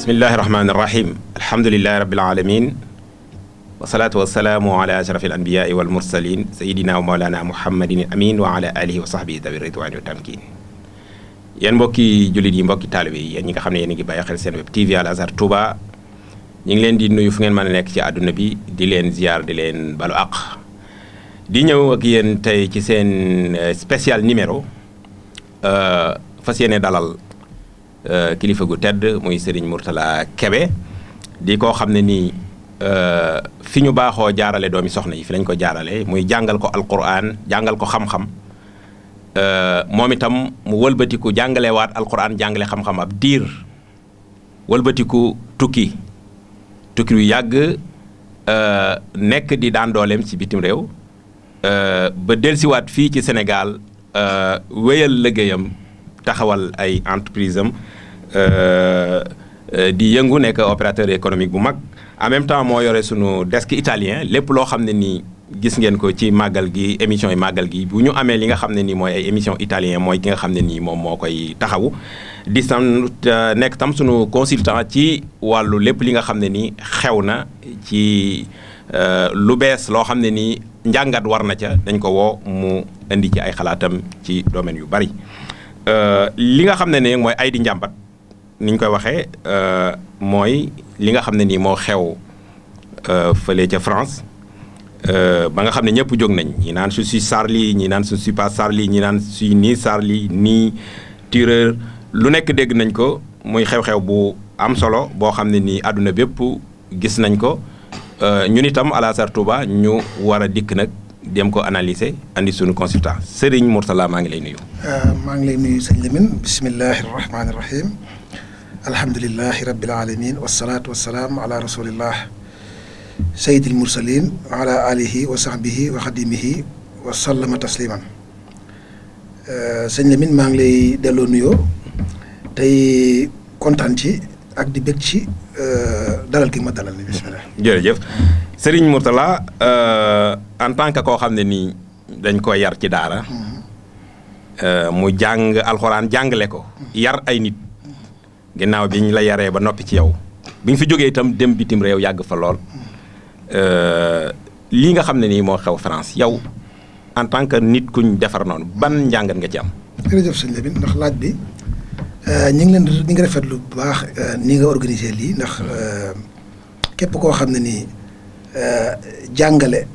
bismillahi rahmaani rahim alhamdulilahi rabbil alamin wasalaatu wasalaamu ala ashraf al anbiyaai wal mursalin sayidina wa maulana muhammadin amin wa ala alihi wa sahbihi dawi ridwani wa tamkin yéen mbokki jullit yi mbokki taalibe yi yéen ñi nga xam ne yéen ngi bàyyi xel seen web tv Al Azhar Touba ñu ngi leen di nuyu fu ngeen mën a nekk ci àdduna bi di leen ziar di leen balu àq di ñëw ak yéen tey ci seen euh, spécial numéro euh, fas yéene dalal Euh, kilifa gu tedd muy Serigne Mourtala Kebe di koo xam ne nii euh, fi ñu baaxoo jaarale doomi soxna yi fi lañ ko jaarale muy jàngal ko alquran jàngal ko xam-xam euh, moom itam mu wëlbatiku jàngalewaat alquran jàngale xam-xam ab diir walbatiku tukki tukki yu yàgg nekk di daan dooleem ci bitim réew ba delsiwaat fii ci Sénégal wéyal liggéeyam taxawal ay entreprise am euh, di yëngu nekk opérateur économique bu mag en même temps moo yore sunu desk italien lépp loo xam ne nii gis ngeen ko ci màggal gi émission yi màggal gi bu ñu amee li nga xam ne nii mooy ay émission italien mooy ki nga xam ne nii moom moo koy taxawu di sam euh, nekk tam sunu consultant ci wàllu lépp li nga xam ne nii xew na ci euh, lu bees loo xam ne nii njàngat war na ca dañ ko woo mu indi ci ay xalaatam ci domaine yu bari Euh, li nga xam ne nii mooy ay di njàmbat ni ñu koy waxee euh, mooy li nga xam ne nii moo xew euh, fële ca France ba nga xam ne ñëpp jóg nañ ñi naan je suis Charlie ñi naan je suis pas Charlie ñi naan je nii Charlie nii tireur lu nekk dégg nañ ko muy xew-xew bu am solo boo xam ne nii àdduna bépp gis nañ ko ñun itam Al Azhar Touba ñu war a dikk nag dem ko analyser andi suñu consultant Serigne Mourtala maa ngi lay nuyu. Euh, maa ngi lay nuyu sëñ Lamine bismillahi rahmaani rahim alhamdulilahi rabbil alamin wasalaatu wasalaam ala rasulillah sayyidil mursalin wa euh, maa ngi lay delloo nuyoo tey kontaan ci ak di bég ci euh, dalal gi ma dalal ni bismillah jërëjëf Serigne Mourtala. en tant que koo xam ne nii dañ ko yar ci daara euh, mu jàng alxuraan jàngale ko yar ay nit ginnaaw bi ñu la yaree ba noppi ci yow bi ñu fi jógee itam dem bitim réew yàgg fa lool euh, lii nga xam ne nii moo xew France yow en tant que nit kuñ defar noonu ban njàngat nga ci am. jërëjëf sëñ Lamine ndax laaj bi euh, ñu ngi leen di ñu rafetlu bu baax ni nga organisé lii ndax képp koo xam ne nii jàngale.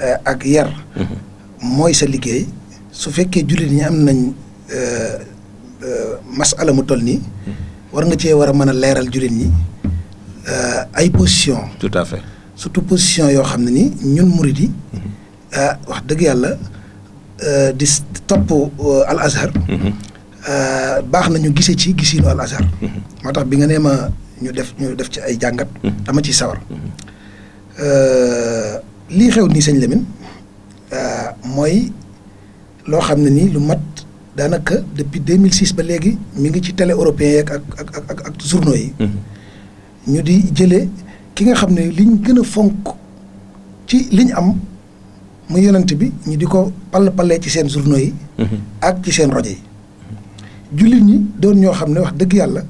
Euh, ak yar. Mm-hmm. mooy sa liggéey su fekkee jullit ñi am nañ euh, euh, masala mu toll nii. Mm-hmm. war nga cee war a mën a leeral jullit ñi ay position tout à fait surtout position yoo xam ne ni ñun murid yi mm-hmm. wax dëgg yàlla di topp al azhar baax na ñu gisee ci gisiinu al moo tax bi nga nee ma ñu def ñu def ci ay jàngat dama ciy sawar lii xew nii sëñ Lamine euh, mooy loo xam ne nii lu mat daanaka depuis 2006 ba léegi mu ngi ci tele européen yeeg ak ak ak ak journaux yi. Mm-hmm. ñu di jëlee ki nga xam ne liñ gën a fonk ci liñ am mu yonent bi ñu di ko pall ci seen journaux yi. Mm-hmm. ak ci seen rajo yi. jullit ñi doon ñoo xam ne wax dëgg yàlla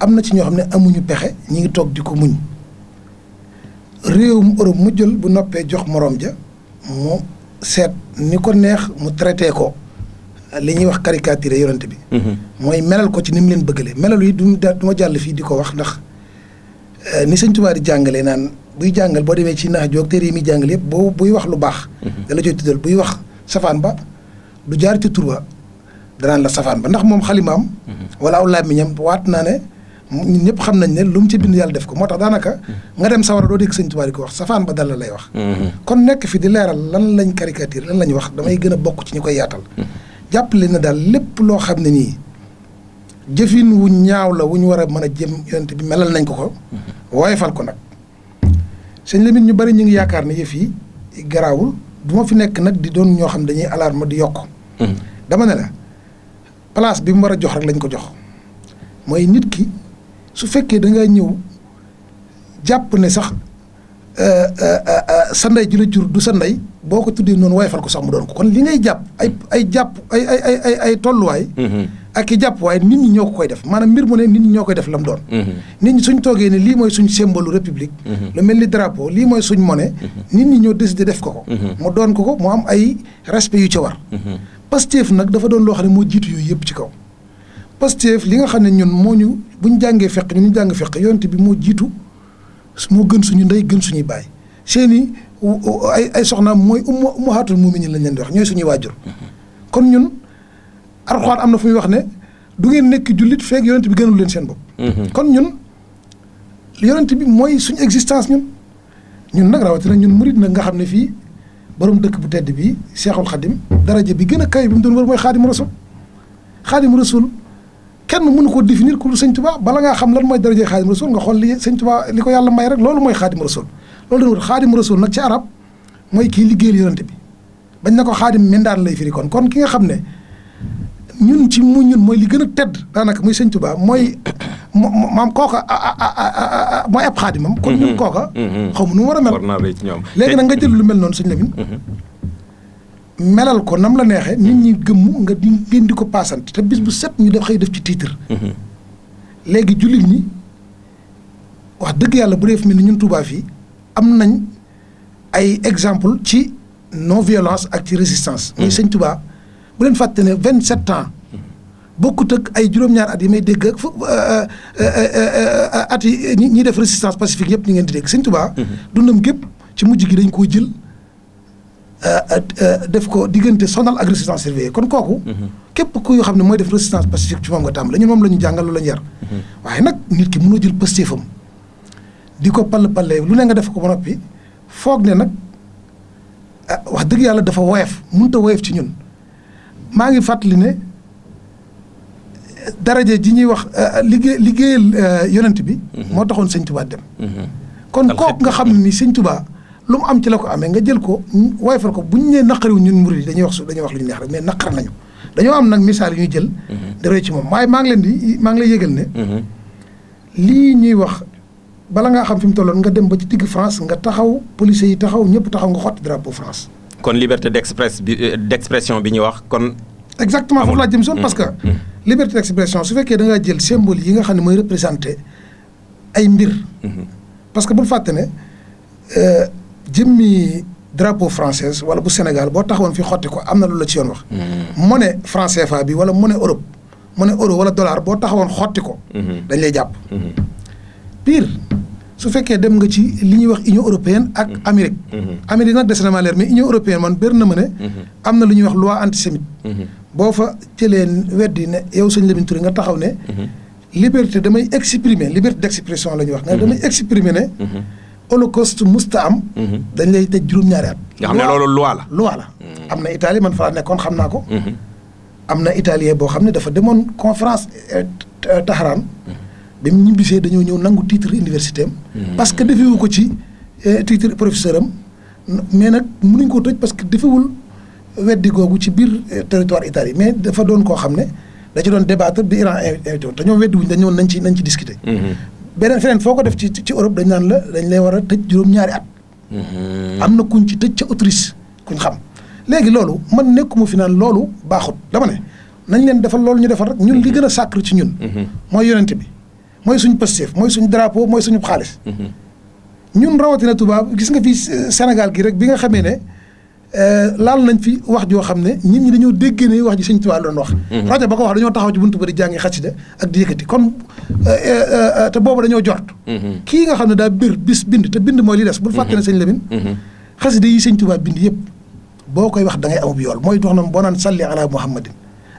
am na ci ñoo xam ne amuñu pexe ñi ngi toog di ko muñ. réewum Europe mu jël bu noppee jox moroom ja mu seet ni ko neex mu traité ko li ñuy wax caricature yorante bi. Mhm. mooy melal ko ci ni mu leen bëggalee melalu yi du ma jàll fii di ko wax ndax eh, ni sëñ Tuubaa di jàngalee naan buy jàngal boo demee ci naax joog téere yi muy jàngale yëpp boo buy wax lu baax. Mhm. da la joy buy wax safaan ba du jaar ci tur ba danaan la safaan ba ndax moom xalimaam. Mhm. wala aw làmmiñam waat naa ne. ñun ñëpp xam nañ ne lu mu ci bind yàlla def ko moo tax daanaka nga dem sawara doo dégg sëñ Tuubaa di ko wax safaan ba dal lay wax mm-hmm. kon nekk fi di leeral lan lañ caricature lan lañ wax damay gën a bokk ci ñu koy yaatal mm-hmm. jàppale na daal lépp loo xam ne nii jëfin ñaaw la wu ñu war a mën a jëm yonent bi melal nañ ko ko mm-hmm. woyofal ko nag sëñ Lamine ñu bari ñu ngi yaakaar ne yëf garaawul du fi nekk nag di doon ñoo xam dañuy alarme di yokk dama ne na place bi mu war a jox rek lañ ko jox mooy nit ki su fekkee da ngaa ñëw jàpp ne sax euh, euh, euh, sa ndey ji la jur du sa ndey boo ko tuddee noonu waaye fal ko sax mu doon ko kon li ngay jàpp ay jàpp ay ay ay ay ay tolluwaay. Mhm. ak i jàppuwaay nit ñi ñoo koy def maanaam mbir mu ne nit ñi ñoo koy def la mu doon. Mhm. nit ñi suñ toogee ne lii mooy suñ symbole république. Mhm. lu mel ni drapeau lii mooy suñ monnaie. nit ñi ñoo décidé def ko ko. mu doon ko ko mu am ay respect yu ca war. Pastef nag dafa doon loo xam ne moo jiitu yooyu yëpp ci kaw. Pastef li nga xam ne ñun moo ñu bu ñu jàngee fekk ñu ñu jàng fekk yonte bi moo jiitu moo gën suñu ndey gën suñuy baay seeni ay ay soxnaam mooy ummu ummahatul mu'minin lañ leen di wax ñooy suñuy waajur. kon ñun Alxuraan am na fu wax ne du ngeen nekk jullit feeg yonent bi gënul leen seen bopp. Mhm. kon ñun yonent bi mooy suñu existence ñun. ñun nag rawatina ñun murid nag nga xam ne fii borom dëkk bu tedd bi Seexul Xadim daraja bi gën a kawe bi mu doon wër mooy Xaadimu Rasul Xaadimu Rasul. kenn mënu ko définir ku sëñ Tuubaa bala xam lan mooy daraje xaadim rasul nga xool li sëñ Tuubaa li ko yàlla may rek loolu mooy xaadim rasul loolu dañu xaadim rasul nag ci arab mooy kii liggéeyal yonante bañ na ko xaadim mindaan lay firi kon kon ki nga xam ne ñun ci mu ñun mooy li gën a tedd daanaka muy sëñ Tuubaa mooy maam kooka mooy ab xaadimam kon ñun mm-hmm. kooka mm-hmm. xaw ma nu war a mel léegi nag nga jël lu mel noonu sëñ Lamine mm-hmm. melal ko nam la neexee. nit ñi gëmm nga di ngeen di ko paasante te bis bu set ñu def xëy def ci titre. Mhm. léegi jullit ñi wax dëgg yàlla bu dee fi mel ni ñun Touba fii am nañ ay exemple ci non violence ak ci résistance. Mhm. muy sëñ Touba bu leen fàtte ne vingt sept ans. bokkut ak ay juróom-ñaar at yi may dégg ak euh, euh, euh, at yi ñi def résistance pacifique yëpp ñu ngeen di dégg sëñ Touba. Mhm. dundam gépp ci mujj gi dañ koo jël. Euh, euh, euh, def ko diggante sonal ak résistance kon kooku. Mhm. képp ku yoo xam ne mooy def résistance pacifique ci moom nga tàmbale ñu moom la ñu jàngal loolu ñu yar. Mhm. waaye nag nit ki mënoo jël pastéefam di ko pall palle lu ne nga def ko ba foog ne nag ah, wax dëgg yàlla dafa woyof mënut a woyof ci ñun maa ngi fàttali ne daraje ji ñuy wax liggéey liggéeyal yonent bi. Mhm. moo taxoon sëñ Tuubaa dem. kon kooku nga xam ni sëñ Tuubaa lu mu am ci la ko amee nga jël ko waaye fal ko bu ñu nee naqariwu ñun murid dañuy wax su dañuy wax lu ñu neex rek mais naqar nañu dañoo am nag misaal yu ñu jël. Mhm. daree ci moom waaye maa ngi leen di maa ngi ne. Mhm. lii ñuy wax bala ngaa xam fi mu tolloon nga dem ba ci digg France nga taxaw policiers yi taxaw ñëpp taxaw nga xotti drapeau France. kon liberté d'express bi euh, d'expression bi ñuy wax kon. exactement laa jëm soon mhm. parce que. liberté d'expression su fekkee da ngaa jël symbole yi nga xam ne mooy représenté ay mbir. parce que bul fàtte ne. Euh, jëmmi drapeau française wala bu Sénégal boo taxawoon fi xotti ko am na lu la ci yoon wax. Mm-hmm. monnaie franc CFA bi wala monnaie Europe ne euro wala dollar boo taxawoon xotti ko. Mm-hmm. dañ lay jàpp. Mm-hmm. su fekkee dem nga ci li ñuy wax union européenne ak Amérique. Amérique nag des na ma leer mais union man bér na ma ne. am na lu ñuy wax loi antisémite. boo fa jëlee weddi ne yow sëñ Lamine Touré nga taxaw ne. liberté damay exprimer liberté d'expression la ñuy wax. nga damay exprimer ne. holocauste musta am. Mhm. dañ lay tëj juróom-ñaari at. nga xam ne loolu loi la loi la. Mhm. am na Italie man fa nekkoon xam naa ko. Mhm. am na italien boo xam ne dafa demoon conférence euh, euh, Taxaraan. bi mu ñibbisee dañoo ñëw nangu titre université am. parce que defewu ko ci euh, titre professeur am. mais nag mënuñ ko tëj parce que defewul weddi googu ci biir territoire Italie mais dafa doon koo xam ne da ci doon bi Iran invité woon te ñoom weddi wuñ dañu nañ ci nañ ci discuter. beneen feneen foo ko def ci ci Europe dañ naan la dañ lay war a tëj juróom-ñaari at. Mhm. am na kuñ ci tëj ca Autriche kuñ xam. léegi loolu man nekkumu fi naan loolu baaxut dama ne nañ leen defal loolu ñu defal rek ñun li mhm. gën a sacré ci ñun. Mhm. mooy yonent bi mooy suñu Pastef mooy suñu drapeau mooy suñu xaalis. ñun rawatina tubaab gis nga fii Sénégal gi rek bi nga xamee ne. Euh, laal nañ fi wax joo xam ne ñit ñi dañoo déggee ne wax ji sëñ Tuubaa doon wax rajo mhm. ba ko wax dañoo taxaw ci buntu ba di jàngi xasida ak di yëkkati kon euh, euh, te boobu dañoo jort mhm. kii nga xam ne daa bir bis bind te bind mooy li des bul mhm. fàtte ne sëñ Lamin xasida yi sëñ Tuubaa bind yëpp boo koy wax da ngay amub yool mooy dox na boo naan salli ala muhammadin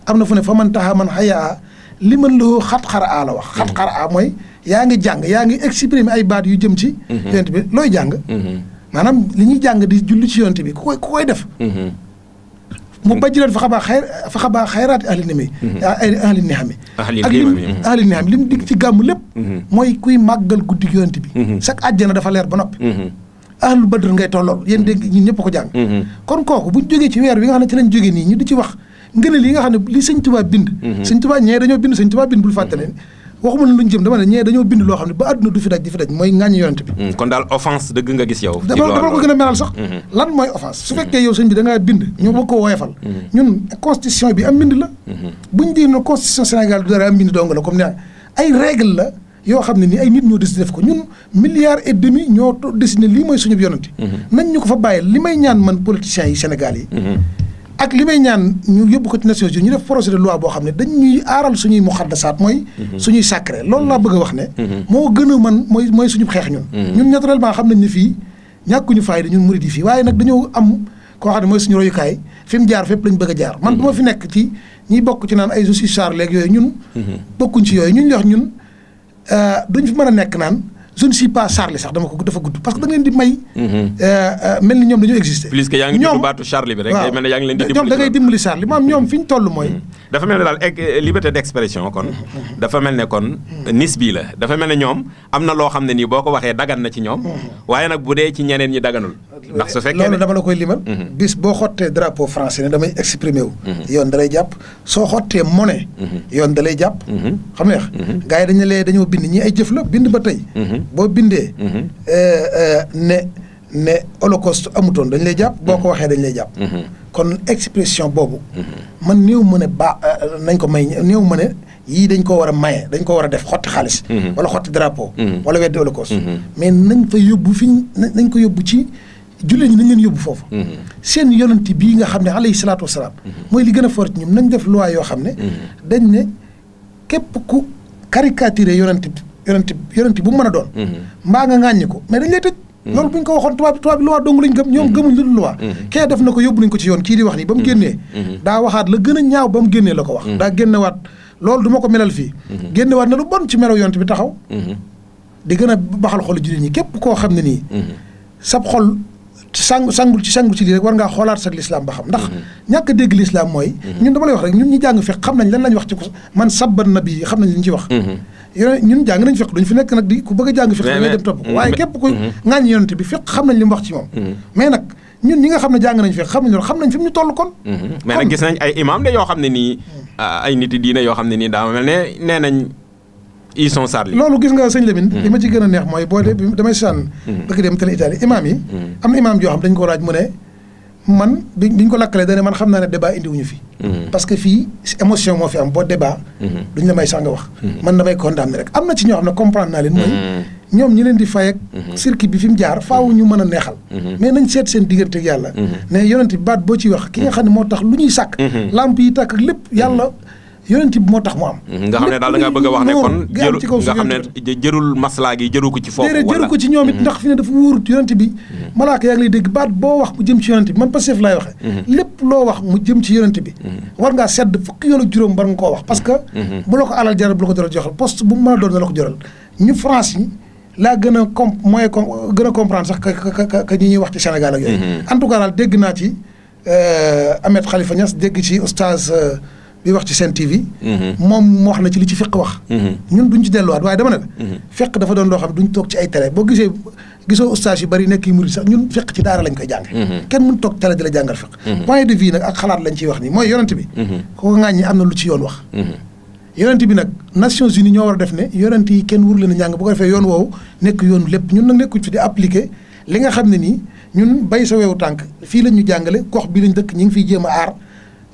am na fu ne fa man taxa man xayaa li man la xat-xara a la wax xat-xara a mooy yaa ngi jàng yaa ngi exprimer ay baat yu jëm ci yonent looy jàng maanaam li ñuy jàng di julli ci yonte bi ku ko ku koy def. Mm-hmm. mu bajjiloon fa xabaa xay fa xabaa xayraati ahli nimi mm-hmm. ah, ahli nihami ak lim mm-hmm. ahli nihami lim ci gàmm lépp. mooy kuy màggal guddi yonte bi. chaque àjjana dafa leer ba noppi. ahlul badr ngay tollool yéen dégg ñëpp ko jàng. kon kooku buñ jógee ci weer wi nga xam ne ci lañ jógee nii ñu di ci wax ngëneel yi nga xam ne li sëñ bind. sëñ Tuubaa ñee dañoo bind sëñ Tuubaa bind bul fàtte waxuma ne luñ jëm dama ne ñee dañoo bind loo xam ne ba àdduna du fi di fi mooy ŋàññi yonent bi hmm, kon daal offense dëgg nga gis yow dafa dafa ko gën a melal sax hmm, hmm. lan mooy offense su fekkee yow sëñ bi da bind ñu dee na comme ne ay règle la yoo xam ne nii ay nit ñoo décidé def ko ñun milliard et demi ñoo décidé lii mooy suñu yonent nañ ñu ko fa bàyyi li may ñaan man politiciens yi Sénégal yi ak li may ñaan ñu yóbbu ko ci Nations Unies ñu def projet de loi boo xam ne dañ ñuy aaral suñuy muxaddasaat mooy. Mhm. suñuy sacré loolu laa bëgg wax ne. Mhm. moo gën a man mooy mooy suñu xeex ñun. Mhm. ñun naturellement xam nañ ne fii ñàkkuñu fayda ñun murid yi fii nag dañoo am koo xam ne mooy suñu royukaay fi mu jaar fépp lañ bëgg a jaar. man du fi nekk ci ñi bokk ci naan ay je suis Charles léegi yooyu ñun. bokkuñ ci yooyu ñun ñu wax ñun euh, duñ fi mën a nekk naan. je ne suis pas Charlie sax dama ko dafa gudd parce que da ngeen di may. Mhm. Euh, euh, mel ni ñoom dañoo existé. plus que yaa ngi tudd baatu Charlie bi rek. day mel ne yaa ngi leen di dimbali da ngay dimbali Charlie maam ñoom fi ñu toll mooy. Mhm. Eh, dafa mel ne kon. dafa bii la dafa mel ne ñoom am na loo xam ne nii boo ko waxee dagan na ci ñoom. Mhm. waaye nag bu dee ci ñeneen ñi daganul. ndax su fekkee loolu dama la koy limal. Mhm. bis boo xottee drapeau français ne damay exprimer mhm. yoon dalay jàpp soo xottee monnaie. Mhm. yoon dalay jàpp. xam nga gars yi dañu lee dañoo bind ñi ay jëf la bind ba tey. boo bindee. Eh, eh, ne ne holocauste amutoon dañ lay jàpp boo ko waxee dañ lay jàpp. kon expression boobu. man néew ma ne ba eh, nañ ko may néew ma yii dañ ko war a maye dañ ko war a def xotti xaalis. wala xotti drapeau. wala weddi holocauste. mais nañ fa yóbbu fi nañ ko yóbbu ci. jullit ñi nañ leen yóbbu foofu mm-hmm. seen yonent bii nga xam ne alayhi salaatu wasalaam mm-hmm. mooy li gën a fort ci ñoom nañ def loi yoo xam ne mm-hmm. dañ ne képp ku caricaturé yonent yonent yonent bu mu mën a doon mbaa nga ŋàññi ko mais dañ lay tëj loolu bu ñu ko waxoon tubaab bi tubaab bi loi dong lañ gëm ñoom gëmuñ lu dul loi kee def na ko yóbbu nañ ko ci yoon kii di wax nii ba mu génnee daa waxaat la gën a ñaaw ba mu génnee la ko wax daa génnewaat loolu du ma ko melal fii génnewaat na lu bon ci melaw yonent bi taxaw di gën a baxal xolu jullit ñi képp koo xam ne nii sab xol sang sangul ci sangu ci lii rek war ngaa xoolaat sax lislaam ba xam ndax mhm. ñàkk a dégg lislaam mooy mhm. ñun dama lay wax rek ñun ñu jàng fiq xam nañ lan lañ wax ci ko man sabban nabi xam nañ li wax mhm. ñun jàng nañ fiq duñ fi nekk nag di ku bëgg a jàng fiq ngay dem topp waaye képp ku ŋaañ yonent bi fiq xam nañ li wax ci moom mais nag ñun ñi nga xam ne jàng nañ fiq xam nañ loolu xam nañ fi ñu toll kon mais nag gis nañ ay imam de yoo xam ne nii hmm. ay nit diine yoo xam ne nii daa mel ne nee nañ ils sont sarli loolu gis nga sëñ Lamine hmm. li ma ci gën a neex mooy boo de damay sànn hmm. bëgg dem télé Italie imaam yi hmm. am imaam joo xam dañ ko laaj mu ne man lakkalee dane man xam naa ne débat indiwuñu fi parce que fii émotion moo fi am boo débat duñ la may sax wax man damay condamné rek am na ci ñoo xam ne comprendre naa leen mooy ñoom ñi leen di fay ak circuit bi fi mu jaar faaw ñu mën a neexal mais nañ seet seen diggante ak yàlla ne yonent bi baat boo ci wax ki nga xam ne moo tax lu ñuy sàkk lamp yi tàkk lépp yàlla yonent bi moo tax mu am. Mm-hmm. nga xam ne daal da ngaa a wax ne kon jëru nga xam ne jërul maslaa gi jëru ko ci foofu. déedéet mm-hmm. ndax fi ne dafa wóorut yonent bi. Mm-hmm. malaaka yaa ngi lay dégg baat boo wax mu jëm ci yonent bi man Pastef laay waxee. lépp loo wax bi. war ngaa sedd fukki yoon ak juróom war nga koo wax parce que. bu la ko alal jaral bu la ko jaral bu mu mën a doon na la ko jaral ñu France yi laa gën a comprendre sax ka ka ñi ñuy wax ci Sénégal ak yooyu. en tout cas daal dégg naa ci euh, Ahmed Khalifa Niass dégg ci oustaz euh, bi wax ci seen TV. Mhm. moom mu wax na ci li ci fiq wax. Mhm. ñun duñ ci delluwaat waaye dama ne la. Mhm. dafa doon loo xam duñ toog ci ay télé boo gisee gisoo ustaas yu bari nekk yu murid sax ñun la jàngal fiq. point de wax nii mooy yonent bi. kooku na lu ci yoon wax. yonent kenn wur leen a ñàng yoon woowu nekk yoon lépp fi di appliquer li nga xam ne nii ñun bay sa wewu tànk fii lañ ñu jàngale gox bi lañ dëkk ñi ngi fiy jéem aar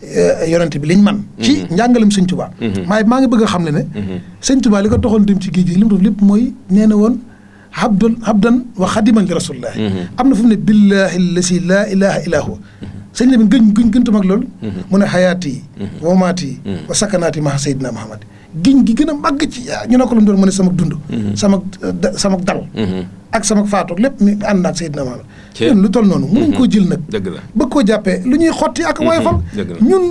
Euh, yonent bi liñ man si mm-hmm. njàngalem sëñ Tuubaa mm-hmm. maay maa ngi bëgg a xam ne ne mm-hmm. sëñ Tuubaa li ko doxoon dem ci géej gi li mu def lépp mooy nee na woon abdun abdan wa xadiman li rasulillah am na fu mu ne billahi la laa ilaha illaa huwa sëñ la bi gëñ gëñ gëntu mag loolu mu ne xayaati wa mamaati wa sakanaati maa sayyidina Muhammad giñ gi gën a màgg ci ah, ñu ne ko lu mu doon mën sama dund. Mhm. sama euh, sama dal. Mhm. ak sama faatoog lépp mi ànd naag Seydina la ñun lu toll noonu. mun mhm. koo jël nag. dëgg la bëgg koo jàppe lu ñuy xotti ak. woyofal ñun.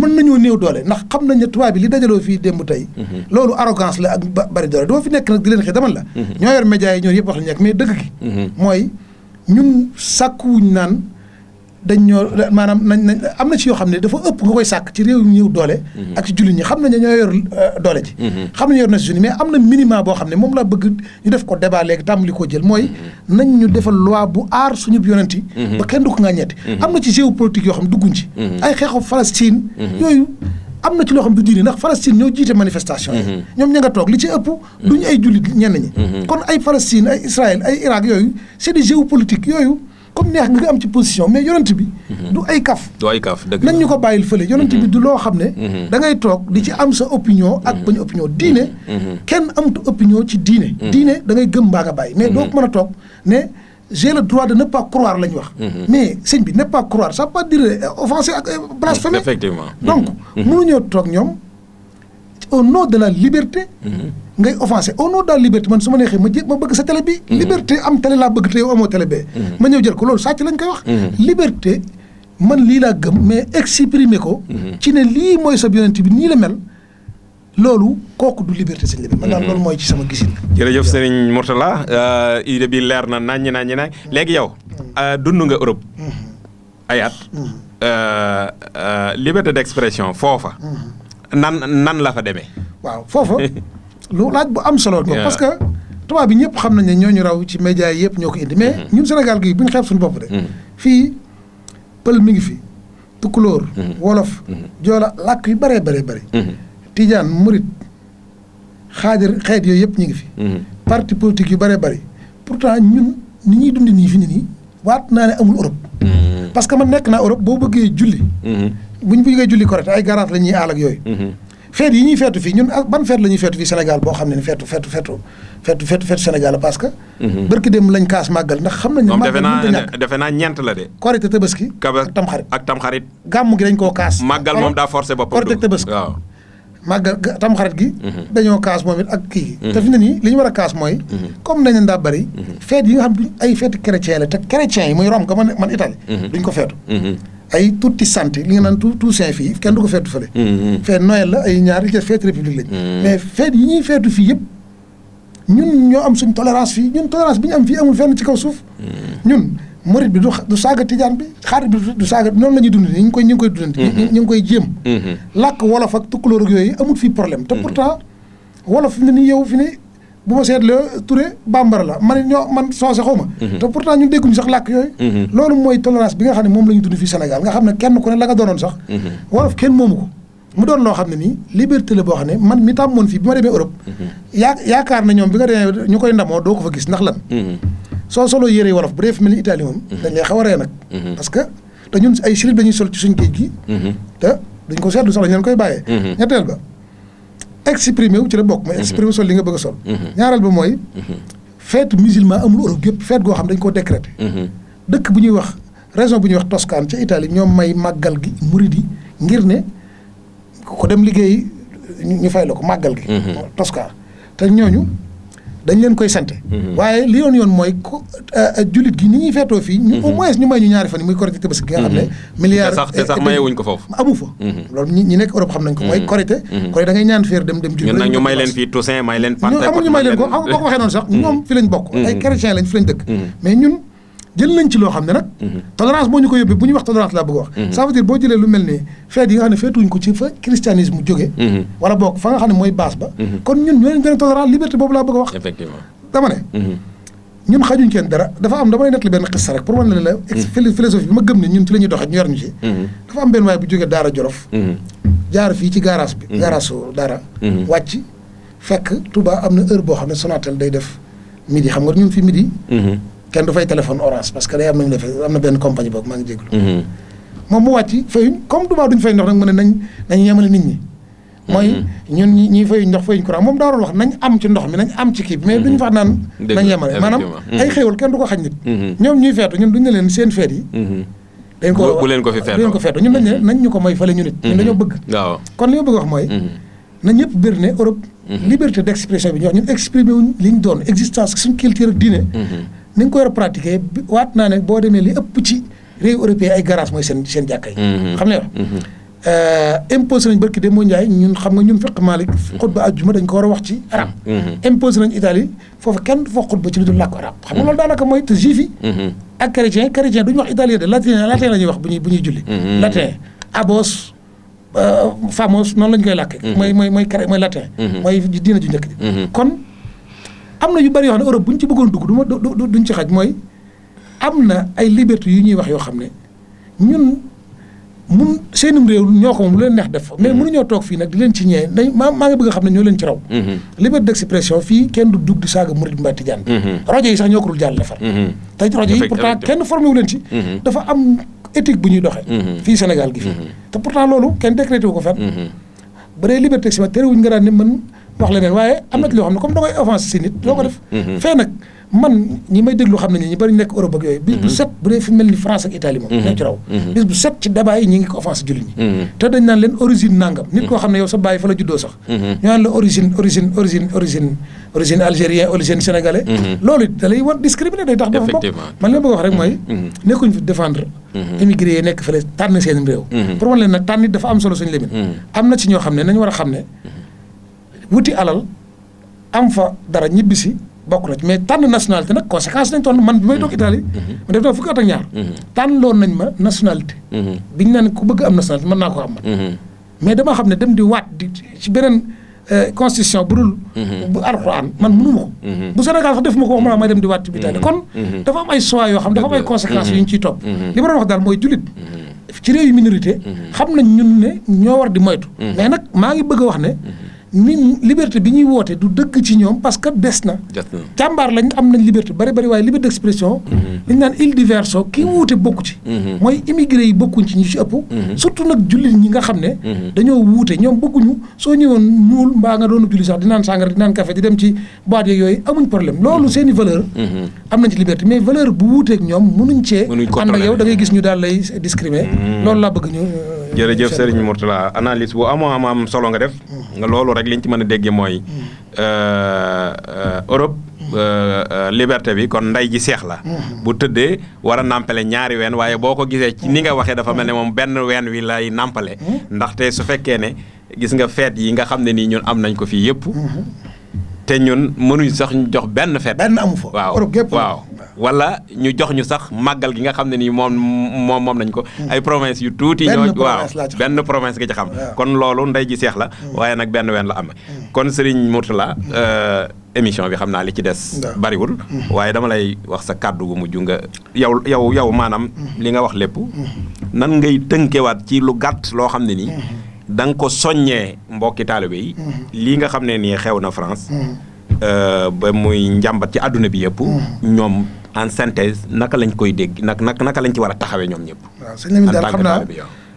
mën nañoo néew doole ndax xam nañ ne tubaab bi li dajaloo fii démb tey. loolu arrogance la ak bari doole doo fi nekk nag di dama la. ñoo yor média yi ñoo yëpp wax la ñu nekk mais dëgg gi. mooy ñun sàkkuwuñ naan. dañ ñoo maanaam nañ am na ci yoo xam ne dafa ëpp nga koy sàkk ci réew ñëw doole mhm. ak ci jullit ñi xam nañ ñoo yor euh, doole ji mhm. xam am na minima boo xam ne moom laa bëgg ñu def ko débat léegi tàmbali koo jël mooy mhm. nañ ñu defal loi bu aar suñu yonent yi ba kenn du ko nga ñetti am na ci géopolitique yoo xam ne dugguñ ci ay xeexu Palestine yooyu am na ci loo xam du diine ndax Palestine ñoo jiite manifestation yi ñoom ña nga toog li ci ëpp duñu ay jullit ñenn ñi kon ay Palestine ay Israël ay Irak yooyu c'est des géopolitique yooyu comme neex nga am ci position mais yonent bi. Mhm. du ay kaf. du nañ ñu ko bàyyil fële yonent bi du mhm. loo xam ne. Mhm. da ngay toog di ci am sa opinion ak bañ opinion diine. kenn amtu opinion ci diine. diine dangay gëm mbaa nga bàyyi. mais doo mën a toog ne j'ai le droit de ne pas croire la ñu wax. mais sëñ bi ne pas croire ça pas dire euh, offenser ak euh, blasphémer. effectivement donc mënuñoo toog ñoom au nom de la liberté. ngay offensé au nom de la liberté man su ma neexee ma jé ma bëgg sa télé bi mm-hmm. liberté am télé laa bëgg te amoo télé bee mm-hmm. ma ñëw jël ko loolu sàcc lañ koy wax mm-hmm. liberté man lii laa gëm mais exprimer ko ci ne lii mooy sa yonent bi nii la mel loolu kooku du liberté sëñ bi. maanaam loolu mooy ci sama gisin. jërëjëf sëriñ Mourtala euh, idée bi leer na naa naññi nañ léegi yow. Euh, dund nga Europe. ay at. Euh, liberté d'expression foofa. nan nan la fa demee. waaw foofa. lu laaj bu am solo la. parce que tubaab bi ñëpp xam nañ ne ñoo ñu raw ci média yi yëpp ñoo ko indi. mais mm-hmm. ñun Sénégal gii bu ñu xeeb suñu bopp de. Mm-hmm. fii pël mi ngi fi. tukulóor. Mm-hmm. wolof. joola làkk yu bare bëri bëri. tijaan murit xaajar xeet yooyu yëpp ñu ngi fi. parti politique yu bëree bari pourtant ñun ni ñuy dund nii fi ni nii waat naa ne amul Europe. parce que man nekk naa Europe boo bëggee julli. bu ñu bëggee julli correct ay garanti la ñuy aal ak yooyu. feet yi ñuy feetu fii ñun ban feet la ñuy feetu fii Sénégal boo xam ne feetu feetu feetu feetu feetu feetu Sénégal parce que mhm. bërki dem lañ kaas màggal ndax xam nañ ne màggal mënta ñàkk defe naa ñeent la de korite tabaski ak gàmm gi dañ koo kaas màggal moom daa forcé boppam korite tabaski waaw màggal tamxarit gi mhm. dañoo kaas moom it ak kii gi mhm. te fi ne nii li ñu war a kaas mooy comme nañ daa bëri feet yi nga xam ay feetu chrétien yi muy Rome nga man Italie duñ ko feetu ay tuuti santé li nga naan tout tout saint fii kenn du ko feetu fële. Mm-hmm. feet Noël la ay ñaar yi ca feet république mm-hmm. mais feet yi ñuy feetu fii yëpp ñun ñoo am suñ tolérance fii ñun tolérance bi ñu am fii amul fenn ci kaw suuf. Mm-hmm. ñun murit bi du du saaga tijaan bi xaarit bi du saaga noonu la ñuy dund ñu ngi koy ñu ngi koy dund. ñu ngi koy jéem. làkk wolof ak tukulóor ak yooyu amul fii problème. te pourtant wolof fi mu ne nii yow fi ne bu ma seetlee Touré bambara la man ñoo man soose xaw ma mhm. te pourtant ñun dégguñu sax làkk yooyu mhm. loolu mooy tolérance bi nga xam ne moom la ñu dund fii Sénégal nga xam ne kenn ko ne la nga doonoon sax mhm. wolof kenn moomu ko mu doon loo xam ne nii liberté la boo xam ne man mi tàmmoon fii bi ma demee Europe yaakaar na ñoom bi nga demee ñu koy ndamoo doo ko fa gis ndax lan soo solo yére wolof bu dee fi mel ni Italie moom dañ lay a ree nag parce que te ñun ay sirib dañuy sol suñ géej gi te duñ ko seetlu sax dañ leen koy bàyyee ba exprimé wu ci la bokk. mooy mhm. exprimé sol li nga bëgg a sol. Mhm. ñaareel ba mooy. Mhm. feetu musulman amul Europe yëpp feet goo xam dañ koo décrété. dëkk bu ñuy wax région bu ñuy wax toskaan ca Italie ñoom may màggal gi murid yi ngir ne ko dem liggéey ñu fay la ko màggal gi. Toscane te ñooñu. dañ leen koy sante mm-hmm. waaye li yoon yoon mooy ko euh, euh, jullit gi ni ñuy feetoo fii ñu au mm-hmm. moins ñu may ñu ñaari fan muy korité tabaski gi nga xam ne mm-hmm. milliard te sax mayewuñ ko foofu amu fa loolu nekk Europe xam nañ ko mooy korité korité da ngay ñaan féer dem dem jullit ñun ñu may leen fii Toussaint may leen Pentecôte may leen ko boo ko waxee noonu sax fi lañ bokk ay chrétien lañ fi lañ dëkk mais ñun jël nañ ci loo xam ne nag mhm. tolérance moo ñu ko yóbbee bu ñuy wax tolérance laa a wax mhm. ça boo jëlee lu mel ni feet yi nga xam ne feetuñ ko ci fa christianisme jóge mhm. wala boog fa nga xam ne mooy base ba kon ñun ñoo leen gën a tolérant liberté boobu laa dara dafa am damay nettali benn xissa rek pour wan la la philosophie bi ne ñu yar ñu ci dafa am benn waay bu jógee daara jorof jaar fii ci garage bi garage su daara wàcc fekk Touba am na heure boo xam ne Sonatel day def midi xam nga ñun fi midi kenn du fay téléphone orange parce que day am nañu la fay am na benn compagnie boobu maa ngi jéglu mhm. moom mu wàcc fayuñ comme du maa duñ fay ndox nag mu nañ nañ nit ñi mhm. mooy ñun ñi fayuñ ndox fayuñ ci ndox mi nañ am ci kii bi mais mhm. duñ wax naan nañ yemale maanaam ay xéewal kenn du ko xañ nit ñoom ñuy feetu ñun duñ ne leen seen feet yi dañ ko bu leen ko fi feetoo leen ko ñun dañ nañ ñu ko may fale ñu nit ñun dañoo bëgg kon li ma bëgg wax mooy na ñëpp bir Europe liberté d'expression bi ñu wax ñun exprimer wuñ liñ doon existence suñ culture diine ni nga ko war a pratiquer waat naa ne boo demee li ëpp ci réew européen ay garage mooy seen seen jàkka yi. Mm-hmm. xam nga mm-hmm. euh, imposé nañ barki Demba Ndiaye ñun xam nga ñun fiq Malik xutba ajjuma dañ ko war a wax ci arab mm-hmm. imposé nañ Italie foofu kenn foo xutba ci lu dul làkk arab xam nga loolu daanaka mooy te juif yi ak la ñuy wax bu ñuy bu ñuy julli latin abos euh, famos noonu la ñu koy làkkee mooy mooy mooy latin mooy diina ju njëkk ji kon am na yu bari yoo xam ne Europe bu ñu ci bëggoon dugg du ma du duñ ci xaj mooy am na ay liberté yu ñuy wax yoo xam ne ñun mun seenum réew ñoo ko moom lu leen neex def. mais mhm. mënuñoo toog fii nag di leen ci ñee dañ maa maa ngi bëgg a xam ne ñoo leen ci raw. Mhm. liberté d'expression fii kenn du dugg di saaga murid mbaa tijaan. Mhm. rajo yi sax ñoo ko dul jàll defar. tey rajo yi pourtant kenn formé wu leen ci. dafa am éthique bu ñuy doxee. fii Sénégal gi fii. te pourtant loolu kenn décrété wu ko fenn. ba dee liberté d'expression terewuñ nga daan ne man. wax waaye am na ci loo xam ne comme da ngay si nit doo ko def mhm. fee nag man ñi may déglu xam nañu ñi bari nekk Europe ak yooyu bis bu mhm. set bu dee fi mel ni France ak Italie moom loolu it da lay day tax dafa bokk man li ma wax rek mooy mhm. nekkuñ fi défendre immigré yi nekk fële tànn seen réew pour wan leen nag dafa am solo suñu lemin am na ci ñoo xam ne nañ war a xam ne wuti alal am fa dara ñibbisi bokk na mais tànn nationalité nag conséquence nañ toll man bi may doog Italie mhm. ma def naa fukki mhm. tànn loon nañ ma nationalité mhm. biñ naan ku bëgg am nationalité mën naa ko am man mais dama xam ne dem di waat di ci beneen euh, constitution bu dul bu alxuraan man mënu ma ko bu Sénégal sax def ma ko wax ma may dem di waat ci Italie kon dafa am ay yoo xam dafa am ay conséquences yu ñu ciy topp li ma doon wax daal mooy jullit ci réew yu minorité xam nañ ñun ne ñoo war di moytu mais nag maa ngi bëgg a wax ne ni liberté bi ñuy woote du dëgg ci ñoom parce que des na. càmbaar lañ am nañ liberté bari bari waaye liberté d'expression. li mhm. ñu naan il diverso kii mhm. wuute bokku ci. Mhm. mooy immigré yi bokkuñ ci ñu ci ëpp. surtout nag jullit ñi nga xam ne. dañoo wuute ñoom bëgguñu soo ñëwoon ñuul mbaa nga doon julli sax di naan sàngara di naan café di dem ci boîte yeeg yooyu amuñ problème loolu seen valeur. am nañ ci liberté mais valeur bu wuuteeg ñoom mënuñ cee. mënuñ ànd ak yow da ngay jërëjëf Serigne Mourtala analyse bu amoon am am solo nga def. Mm. nga loolu rek liñ ci mën a déggee mooy. Mm. Euh, euh, Europe. Mm. Euh, liberté bi kon ndey ji seex la. bu tëddee war a nàmpale ñaari ween waaye boo ko gisee ci ni nga waxee dafa mel ne moom benn ween wi lay nàmpale. ndaxte su fekkee ne gis nga feet yi nga xam ne nii ñun am nañ ko fii yëpp. Mm-hmm. te ñun mënuñ sax ñu jox benn feet. benn amu fa waaw waaw. wala ñu jox ñu sax màggal gi nga xam ne nii moom moom moom nañ ko. Hmm. ay province yu tuuti. ñoo waaw benn province nga ci xam. kon loolu ndey ji seex la. Hmm. waaye nag benn ween la am. Hmm. kon Serigne Mourtala euh, émission bi xam naa li ci des. bariwul waaye dama lay wax sa kàddu gu mujj nga. yow yow yow maanaam. li nga wax lépp. nan ngay tënkewaat ci lu gàtt loo xam ne nii. da nga ko soññee mbokki taalibe yi. lii nga xam ne nii xew na France. Euh, ba muy njàmbat ci àdduna bi yëpp. Hmm. ñoom en synthèse naka lañ koy dégg nak naka lañ ci war a taxawee ñoom ñëpp. waaw sëñ Lamine daal xam naa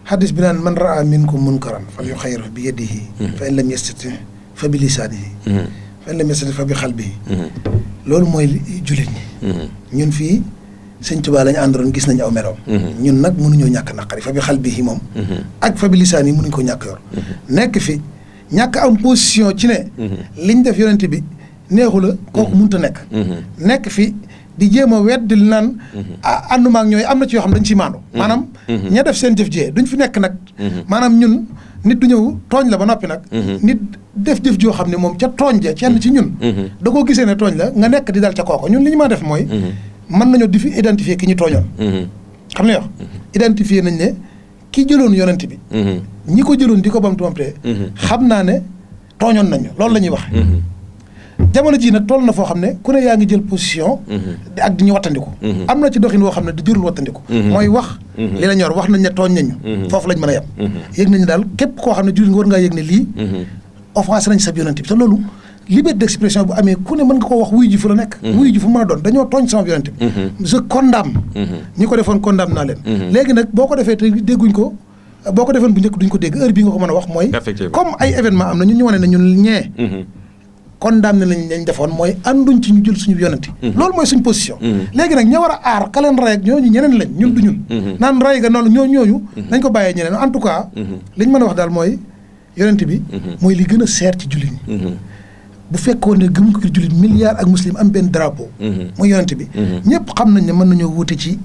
xadis bi naan man raa minkum munkaran fal hmm. yuxayyirhu bi yadihi. Hmm. fa in lam yastati fa bi lisaanihi. fa in bi qalbihi. loolu mooy jullit ñi. ñun fii sëñ Tuubaa lañ àndoon gis nañ aw meloom. ñun nag mënuñoo ñàkk naqari fa bi qalbihi moom. ak fa bi lisaan yi mënuñ ko ñàkk yor. nekk fi ñàkk am position ci ne. liñ def yonent bi. neexu la kooku mënut nekk. Mhm. nekk fi di jéem a weddil naan. Mhm. ah ànduma ak ñooy am na ci yoo xam dañ ciy maandu. Mhm. maanaam ña def jëf jee duñ fi nekk nag. maanaam ñun nit du ñëw tooñ la ba noppi nag. nit def jëf joo xam ne moom ca tooñ ja kenn ci ñun. da koo gisee ne tooñ la nga nekk di dal ca kooku ñun li ñu ma def mooy. mën nañoo di fi identifier ki ñu tooñoon. xam nga wax identifier nañ ne ki jëloon yonent bi. ñi ko jëloon di ko bam tuwamtee. xam naa ne tooñoon nañu loolu la ñuy wax. jamono jii nag tool na foo xam ne ku ne yaa ngi jël position. Mhm. ak di ñu wattandiku. Mhm. am na ci doxin woo xam ne di jërul wattandiku. Mhm. mooy wax. li la ñor wax nañ ne tooñ nañu. foofu lañ mën a yem. yëg daal képp koo xam ne jullit nga war ngaa yëg ne lii. offensé nañ sa yonent bi te loolu liberté d'expression bu amee ku ne mën nga koo wax wuy ji fu la nekk. wuy ji fu mën a doon dañoo tooñ sama yonent bi. je condamne. ko defoon condamne naa leen. léegi nag boo ko defee te dégguñ ko. boo ko defoon bu njëkk duñ ko dégg heure bii nga ko mën a wax mooy. comme ay événement na kon condamné lañ lañ defoon mooy ànduñ ci ñu jël suñu yonente mhm. loolu mooy suñu position mhm. léegi nag ña war a aar ka leen ñooñu ñeneen lañ ñun du ñun mhm. naan rey ga noonu ñoo ñooñu dañ ko bàyyee ñeneen en tout cas liñ mën a wax daal mooy yonente bi mooy li gën a seer ci jullit bu fekkoon ne gëmu ko jullit milliard ak muslim am benn drapeau mooy yonente bi ñëpp xam nañ ne mën nañoo wuute ci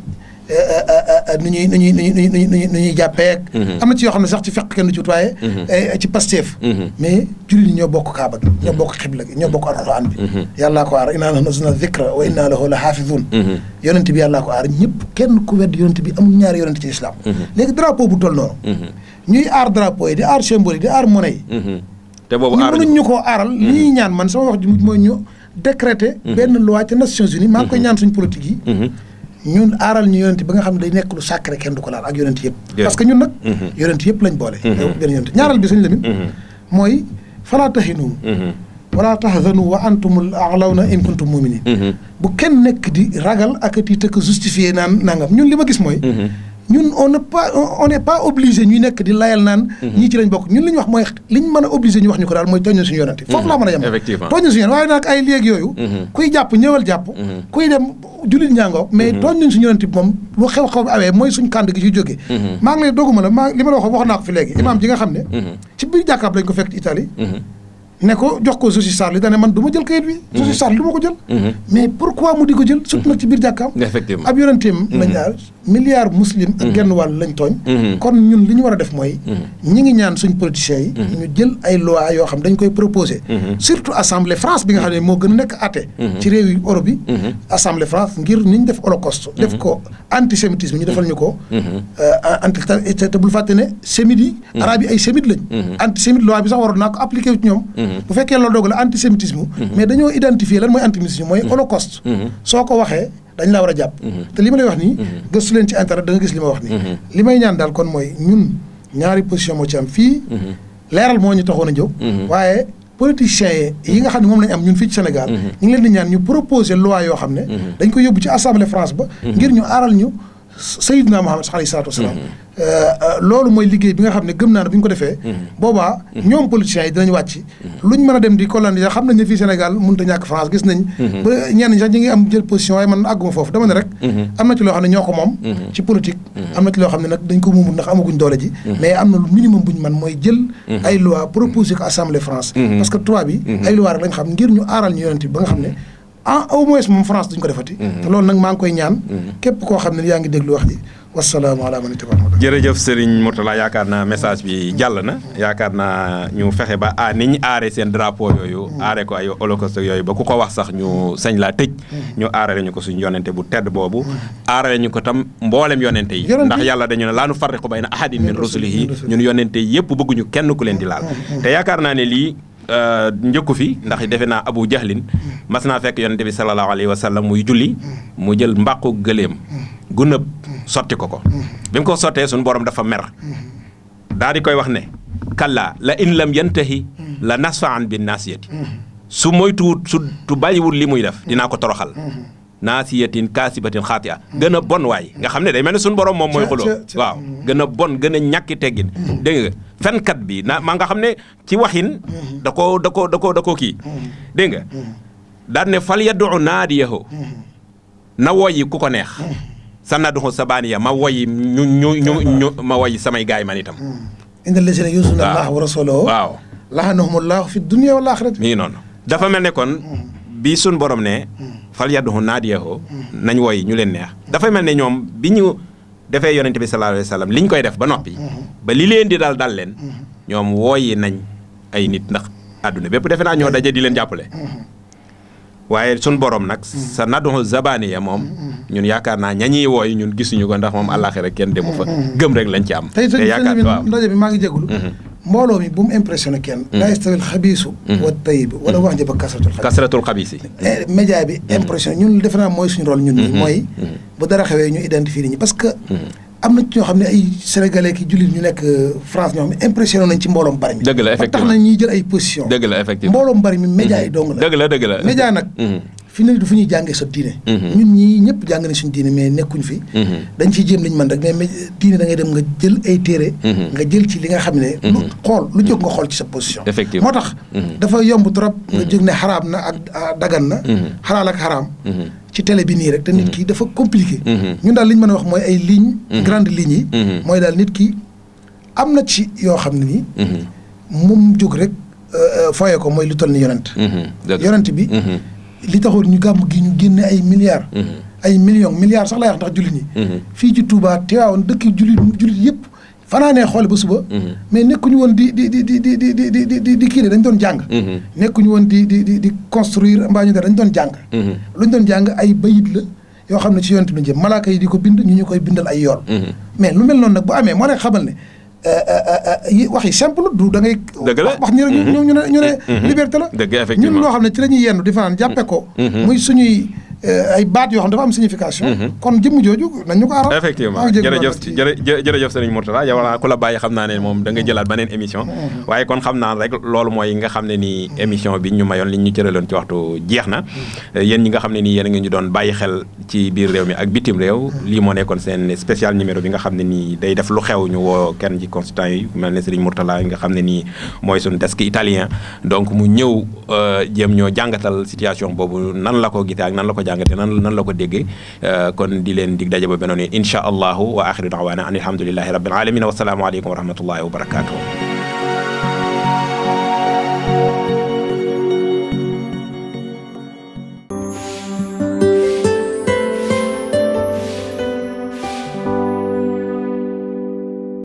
nu euh, ñuy euh, euh, nu ñuy nu ñuy nu ñuy nu ñuy jàppee mhm. am na ci yoo xam ne sax ci fekk kenn du ci tutoyé. Mhm. Eh, ci Pastef. Mhm. mais jullit ñoo bokk Kaaba gi. ñoo bokk xibla gi ñoo bokk alxuraan bi. yàllaa ko aar innaa nahnu nazzalnaa zikra wa innaa lahu la xaafizuun. yonent bi yàllaa ko aar ñëpp kenn ku wedd yonent bi amul ñaari yonent ci islam. léegi drapeau bu toll noonu. ñuy aar drapeau yi di aar symbole yi di aar monnaie te boobu aar ñaan man sama wax ji mooy ñu décréter. benn loi ci Nations Unies. maa ngi koy ñaan suñ politique ñun aaral ñu yonent ba nga xam ne nekk lu sacré kenn du ko laal ak yonent yëpp parce que ñun nag mm-hmm. yonent yëpp lañ boole mm-hmm. yow benn yonent ñaaral bi suñ la mit mooy falaa taxinu mm-hmm. wala tahzanu wa antumul a'lawna in kuntum mu'minin bu kenn nekk di ragal ak di tëkk justifier naan nangam ñun li ma gis mooy ñun on n'est pas on n'est pas obligé ñuy nekk di layal naan. Mhm. ñii ci lañ bokk ñun li ñu wax mooy li ñu mën a obligé ñu wax ñu ko daal mooy tooñ na suñu yoonante. Mhm. foofu laa mën a yem tooñ na suñu yoonante waaye nag ay léeg mhm. moom lu xew-xew awee mooy suñ kànd gi ci jógee. maa ngi lay doguma la wax naa ko fi léegi. imaam ji nga xam ne. ci biir jàkkaab lañ ko fekk Italie. ne ko jox ko Sosi Sarr li dane man du ma jël kayit bi Sosi Sarr du ko jël mais pourquoi mu di ko jël surtout nag ci milliard muslim ak mhm. genn wàll lañ tooñ mhm. kon ñun li ñu war a def mooy mhm. ñi ngi ñaan suñ politiciens yi ñu jël ay loi yoo xam dañ koy proposé surtout assemblée France bi nga xam ne moo gën a nekk até ci réew yu Europe bi assemblée France ngir ni ñu def holocauste def ko antisémitisme ñu defal ñu ko euh, anti loi bi sax waroon naa ko appliqué ci ñoom bu fekkee loolu doog la antisémitisme mais dañoo identifier lan mooy antisémitisme mooy holocauste soo ko waxee dañ la war a jàpp mhm. te li ma lay wax nii mhm. gëstu leen ci internet da gis li wax nii mhm. li may ñaan daal kon mooy ñun ñaari position moo ci am fii leeral moo ñu taxoon a jóg waaye politiciens yi nga xam ne moom lañ am ñun fii ci Sénégal ñu ngi leen di ñaan ñu proposer loi yoo xam ne dañ ko yóbbu ci assemblée France ba ngir ñu aaral ñu Sayyidina Muhammad alayhi salaatu wasalaam mhm. euh, euh, loolu mooy liggéey bi nga xam ne gëm naa ne bu ñu ko defee mhm. boobaa mhm. ñoom politiciens yi dinañ wàcc luñ mën a dem di coloniser xam nañ ne fii Sénégal mënut a ñàkk France gis nañ ba ñenn ñi sax ñi ngi am jël position loo xam ne ñoo ko moom ci politique am na ci loo nag dañ ko muumul ndax amaguñ doole ji mais am na lu minimum bu ñu man mooy jël ay loi proposé ko assemblée France parce que tubaab ay loi rek lañ xam ngir ñu aaral ñu yonent ba nga xam ne ah au moins moom France duñ ko defati. Mm-hmm. te loolu nag maa ngi koy ñaan. Mm-hmm. képp koo xam ne yaa ngi déglu wax ji. wasalaamaaleykum. jërëjëf Serigne Mourtala yaakaar naa message bi jàll na yaakaar naa ñu fexe ba a ni ñu aaree seen drapeau yooyu. Mm-hmm. aaree ko ay holocauste yooyu ba ku ko wax sax ñu sañ laa tëj. ñu aaree ñu ko suñ yonente bu tedd boobu. aaree ñu ko tam mboolem yonente yi. ndax yàlla dañu ne laa nu farriqu bayna ahadin min rusulihi ñun yonente yëpp ñu kenn ku leen di laal. te yaakaar naa Euh, njëkku fi ndax defe naa abu jahlin mas naa fekk yonente bi sallallahu alayhi wa muy julli mu jël mbàqu gëléem gu nëb sotti ko ko bi mu ko sottee suñu borom dafa mer daal di koy wax ne kalla la in lam yantahi la nasfaan bi naasiyati su moytuwut su tu bàyyiwul li muy def dinaa ko toroxal naa kaa naasiyatin kaasibatin xaatia gën a bon waay nga xam ne day mel ne suñu borom moom mooy xuloo waaw gën a bon gën a ñàkki teggin dégg fenkat bi naa maa nga xam ne ci waxin. da koo da koo da koo da koo kii. dégg nga daan ne fal yadu naadiyahu na woyi ku ko neex. sannaduhu sabaaniya ma woyi ñu ñu ñu ñu ma woyi samay gaay man itam. inna lazina yusuna allaha wa solo waaw lahanahum allahu fi dunya wal axirati. mi ngi noonu dafa mel ne kon bi sun borom ne. fal yadu naadiyahu nañ woyi ñu leen neex. dafa mel ne ñoom bi ñu. defee yonent bi sallallahu alayhi wa li ñu koy def ba noppi. Mhm. ba li leen di daal daal leen. Mhm. ñoom wooyi nañ ay nit ndax àdduna bépp defe naa ñoo mhm. daje di leen jàppale. waaye sun borom nag. sa nadu zabaani ya moom. ñun yaakaar naa ñañuy wooy ñun gisuñu ko ndax moom àllaaxira kenn demu fa. gëm rek lañ ci am. te yaakaar waaw maa ngi jégalu. mbooloo mi bu mu impressionné kenn. Mm. laa xabiisu. Mm. wa tayib wala wax njëba kasratul xabiis. kasratul xabiis yi. Eh, bi mm. impression ñun defe naa mooy suñu rôle ñun ñi mm-hmm. mooy. Mm-hmm. bu dara xewee ñu identifier ñi parce que. Mm-hmm. am na ci ñoo xam ne ay sénégalais ki jullit ñu nekk euh, France ñoo xam ne impressionné nañ ci mbooloom bari mi. dëgg la dëgg la dëgg la dëgg nag. fi ne du fu jàngee sa diine mhm. ñun ñii ñëpp jàng nañ suñu diine mais nekkuñ fi mhm. dañ ciy jéem liñ mën rek mais diine da ngay dem nga jël ay téere mhm. nga jël ci li nga xam ne lu xool lu jóg nga xool ci sa position moo tax dafa yomb trop nga jóg ne xaraam na ak dagan na xalaal ak xaraam ci télé bi nii rek te nit ki dafa compliqué ñu daal li man a wax mooy ay ligne grande lignes yi mooy daal nit ki am na ci yoo xam ne nii moom jóg rek euh, euh, fooye ko mooy lu toll ni yonent yonent bi li taxoon ñu gàmm gi ñu génne ay milliards. ay millions milliards sax lay wax ndax jullit ñi. fii ci Touba Tivaouane dëkk jullit jullit yëpp fanaanee xoole ba suba. mais nekkuñu woon di di di di di di di di di kii dañ doon jàng. nekkuñu woon di di di di construire mbaa ñu dañ doon jàng. luñ doon jàng ay bayit la yoo xam ne ci yonent lu jëm malaaka yi di ko bind ñu ñu koy bindal ay yoon. mais lu mel noon nag bu amee moo lay xamal ne. yi euh, euh, euh, wax yi simple du da dëgg la wax ñu ne ñu mm-hmm. ne ñu ne. Mm-hmm. liberté la. dëgg effectivement ñun loo xam ne ci la ñuy yendu di fanaan jàppe ko. Mm-hmm. muy suñuy. Euh, ay baat yoo xam dafa am signification. Mhm. kon jëmm jooju nañ ñu ko aaral. effectivement jërëjëf jërëjëf la ku la bàyyi xam naa ne moom da nga jëlaat beneen émission. Mhm. waaye kon xam naa rek loolu mooy nga xam ne ni émission bi ñu mayoon li ñu cëraloon ci waxtu jeex na. Mhm. yéen ñi nga xam ne nii yéen a ngi doon bàyyi xel ci biir réew mi ak bitim réew. lii moo nekkoon seen spécial numéro bi nga xam ne nii day def lu xew ñu woo kenn ci consultant yi mel ne sëriñ Mourtala nga xam ne nii mooy suñu desk italien donc mu ñëw euh, jéem ñoo jàngatal situation boobu nan la ko gisee ak nan la ko jàngatee nan nan la ko déggee euh, kon di leen dig daje ba benoon incha allahu wa axiru daawaana an alhamdulilahi rabbil alamin wa salaamu aleykum wa rahmatullahi wa barakaatu.